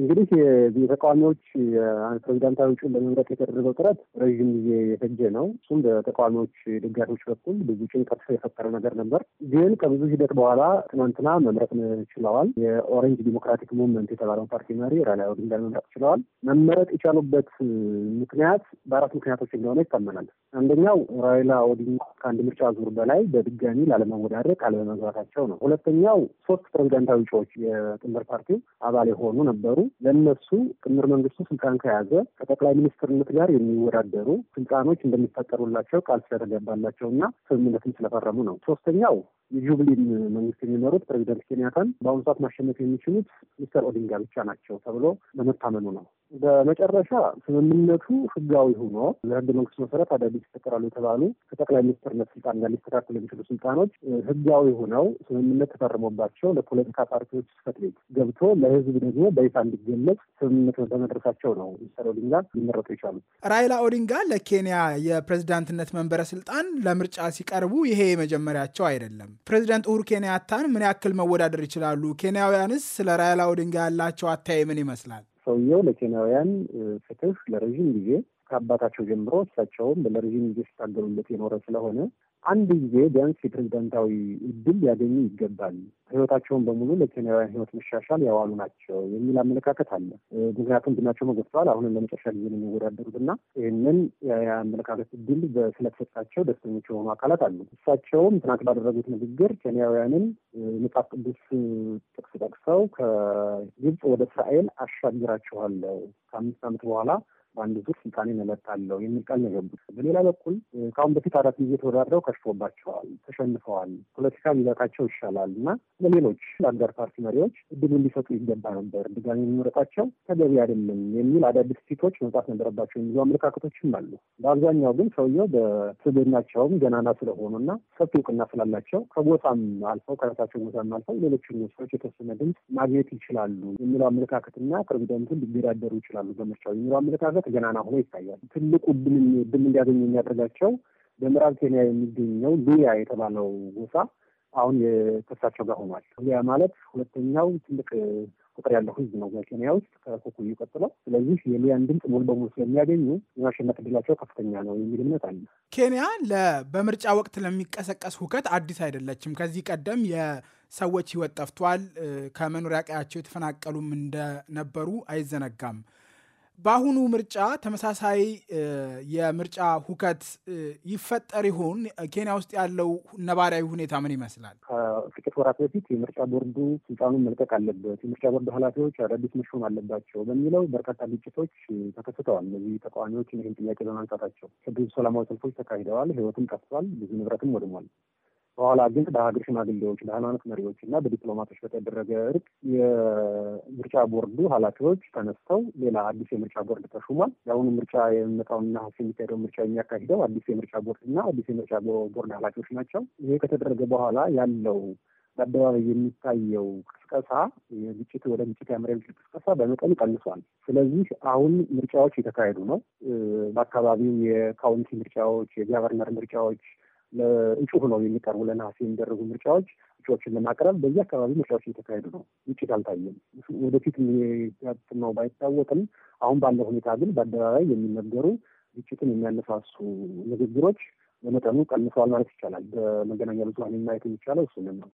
እንግዲህ የተቃዋሚዎች ፕሬዚዳንታዊ እጩን ለመምረጥ የተደረገው ጥረት ረዥም ጊዜ የፈጀ ነው። እሱም በተቃዋሚዎች ደጋፊዎች በኩል ብዙ ጭንቀት የፈጠረ ነገር ነበር። ግን ከብዙ ሂደት በኋላ ትናንትና መምረጥ ችለዋል። የኦሬንጅ ዲሞክራቲክ ሙቭመንት የተባለውን ፓርቲ መሪ ራይላ ኦዲንጋን መምረጥ ችለዋል። መመረጥ የቻሉበት ምክንያት በአራት ምክንያቶች እንደሆነ ይታመናል። አንደኛው ራይላ ኦዲንጋ ከአንድ ምርጫ ዙር በላይ በድጋሚ ላለመወዳደር ቃል በመግባታቸው ነው። ሁለተኛው ሶስት ፕሬዚዳንታዊ እጩዎች የጥምር ፓርቲው አባል የሆኑ ነበሩ። ለእነሱ ጥምር መንግስቱ ስልጣን ከያዘ ከጠቅላይ ሚኒስትርነት ጋር የሚወዳደሩ ስልጣኖች እንደሚፈጠሩላቸው ቃል ስለተገባላቸው እና ስምምነትም ስለፈረሙ ነው። ሶስተኛው የጁብሊን መንግስት የሚመሩት ፕሬዚደንት ኬንያታን በአሁኑ ሰዓት ማሸነፍ የሚችሉት ሚስተር ኦዲንጋ ብቻ ናቸው ተብሎ በመታመኑ ነው። በመጨረሻ ስምምነቱ ህጋዊ ሆኖ ለህገ መንግስት መሰረት አዳዲስ ይፈጠራሉ የተባሉ ከጠቅላይ ሚኒስትርነት ስልጣን ጋር ሊስተካከሉ የሚችሉ ስልጣኖች ህጋዊ ሆነው ስምምነት ተፈርሞባቸው ለፖለቲካ ፓርቲዎች ጽሕፈት ቤት ገብቶ ለህዝብ ደግሞ በይፋ እንዲገለጽ ስምምነት በመድረሳቸው ነው ሚስተር ኦዲንጋ ሊመረጡ ይቻሉ። ራይላ ኦዲንጋ ለኬንያ የፕሬዝዳንትነት መንበረ ስልጣን ለምርጫ ሲቀርቡ ይሄ የመጀመሪያቸው አይደለም። ፕሬዚዳንት ኡሁሩ ኬንያታን ምን ያክል መወዳደር ይችላሉ? ኬንያውያንስ ስለ ራይላ ኦዲንጋ ያላቸው አታይ ምን ይመስላል? ሰውየው ለኬንያውያን ፍትህ ለረዥም ጊዜ ከአባታቸው ጀምሮ እሳቸውም ለረዥም ጊዜ ሲታገሉለት የኖረ ስለሆነ አንድ ጊዜ ቢያንስ የፕሬዝዳንታዊ እድል ሊያገኙ ይገባል። ህይወታቸውን በሙሉ ለኬንያውያን ህይወት መሻሻል ያዋሉ ናቸው የሚል አመለካከት አለ። ምክንያቱም ድናቸው መጎድተዋል። አሁንም ለመጨረሻ ጊዜ ነው የሚወዳደሩት እና ይህንን የአመለካከት እድል ስለተሰጣቸው ደስተኞች የሆኑ አካላት አሉ። እሳቸውም ትናንት ባደረጉት ንግግር ኬንያውያንን መጽሐፍ ቅዱስ ጥቅስ ጠቅሰው ከግብፅ ወደ እስራኤል አሻግራችኋለሁ ከአምስት ዓመት በኋላ በአንድ ዙር ስልጣኔን እለቃለሁ የሚል ቃል ነው የገቡት። በሌላ በኩል ከአሁን በፊት አራት ጊዜ ተወዳድረው ከሽፎባቸዋል፣ ተሸንፈዋል። ፖለቲካ ቢበቃቸው ይሻላል እና ለሌሎች ለአጋር ፓርቲ መሪዎች እድሉ ሊሰጡ ይገባ ነበር፣ ድጋሚ የሚመረጣቸው ተገቢ አይደለም የሚል አዳዲስ ፊቶች መውጣት ነበረባቸው የሚሉ አመለካከቶችም አሉ። በአብዛኛው ግን ሰውየው በስብዕናቸውም ገናና ስለሆኑ እና ሰፊ እውቅና ስላላቸው ከጎሳም አልፈው ከራሳቸው ጎሳም አልፈው ሌሎችን ሰዎች የተወሰነ ድምፅ ማግኘት ይችላሉ የሚለው አመለካከትና ፕሬዚደንቱን ሊገዳደሩ ይችላሉ በምርጫው የሚለው አመለካከት ገናና ሆኖ ይታያል። ትልቁ ድል እንዲያገኙ የሚያደርጋቸው በምዕራብ ኬንያ የሚገኘው ሉያ የተባለው ጎሳ አሁን የተሳቸው ጋር ሆኗል። ሉያ ማለት ሁለተኛው ትልቅ ቁጥር ያለው ህዝብ ነው በኬንያ ውስጥ ከኩኩዩ ቀጥለው። ስለዚህ የሉያን ድምፅ ሙሉ በሙሉ ስለሚያገኙ የማሸነፍ እድላቸው ከፍተኛ ነው የሚል እምነት አለ። ኬንያ በምርጫ ወቅት ለሚቀሰቀስ ሁከት አዲስ አይደለችም። ከዚህ ቀደም የሰዎች ህይወት ጠፍቷል፣ ከመኖሪያ ቀያቸው የተፈናቀሉም እንደነበሩ አይዘነጋም። በአሁኑ ምርጫ ተመሳሳይ የምርጫ ሁከት ይፈጠር ይሆን? ኬንያ ውስጥ ያለው ነባራዊ ሁኔታ ምን ይመስላል? ከጥቂት ወራት በፊት የምርጫ ቦርዱ ስልጣኑን መልቀቅ አለበት፣ የምርጫ ቦርዱ ኃላፊዎች አዳዲስ መሾም አለባቸው በሚለው በርካታ ግጭቶች ተከስተዋል። እነዚህ ተቃዋሚዎች ይህን ጥያቄ በማንሳታቸው ብዙ ሰላማዊ ሰልፎች ተካሂደዋል። ሕይወትም ጠፍቷል፣ ብዙ ንብረትም ወድሟል። በኋላ ግን በሀገር ሽማግሌዎች፣ በሃይማኖት መሪዎች እና በዲፕሎማቶች በተደረገ እርቅ የምርጫ ቦርዱ ኃላፊዎች ተነስተው ሌላ አዲስ የምርጫ ቦርድ ተሹሟል። የአሁኑ ምርጫ የሚመጣውና ሀስ የሚካሄደው ምርጫ የሚያካሂደው አዲስ የምርጫ ቦርድ እና አዲስ የምርጫ ቦርድ ኃላፊዎች ናቸው። ይሄ ከተደረገ በኋላ ያለው በአደባባይ የሚታየው ቅስቀሳ የግጭት ወደ ግጭት ያመራ ግጭት ቅስቀሳ በመጠን ቀንሷል። ስለዚህ አሁን ምርጫዎች የተካሄዱ ነው። በአካባቢው የካውንቲ ምርጫዎች፣ የጋቨርነር ምርጫዎች እጩ ሆነው የሚቀርቡ ለነሐሴ የሚደረጉ ምርጫዎች እጩዎችን ለማቅረብ በዚህ አካባቢ ምርጫዎች እየተካሄዱ ነው። ግጭት አልታየም። ወደፊት የሚያጥናው ባይታወቅም አሁን ባለው ሁኔታ ግን በአደባባይ የሚነገሩ ግጭትን የሚያነሳሱ ንግግሮች በመጠኑ ቀንሰዋል ማለት ይቻላል። በመገናኛ ብዙኃን ማየት የሚቻለው እሱንም ነው።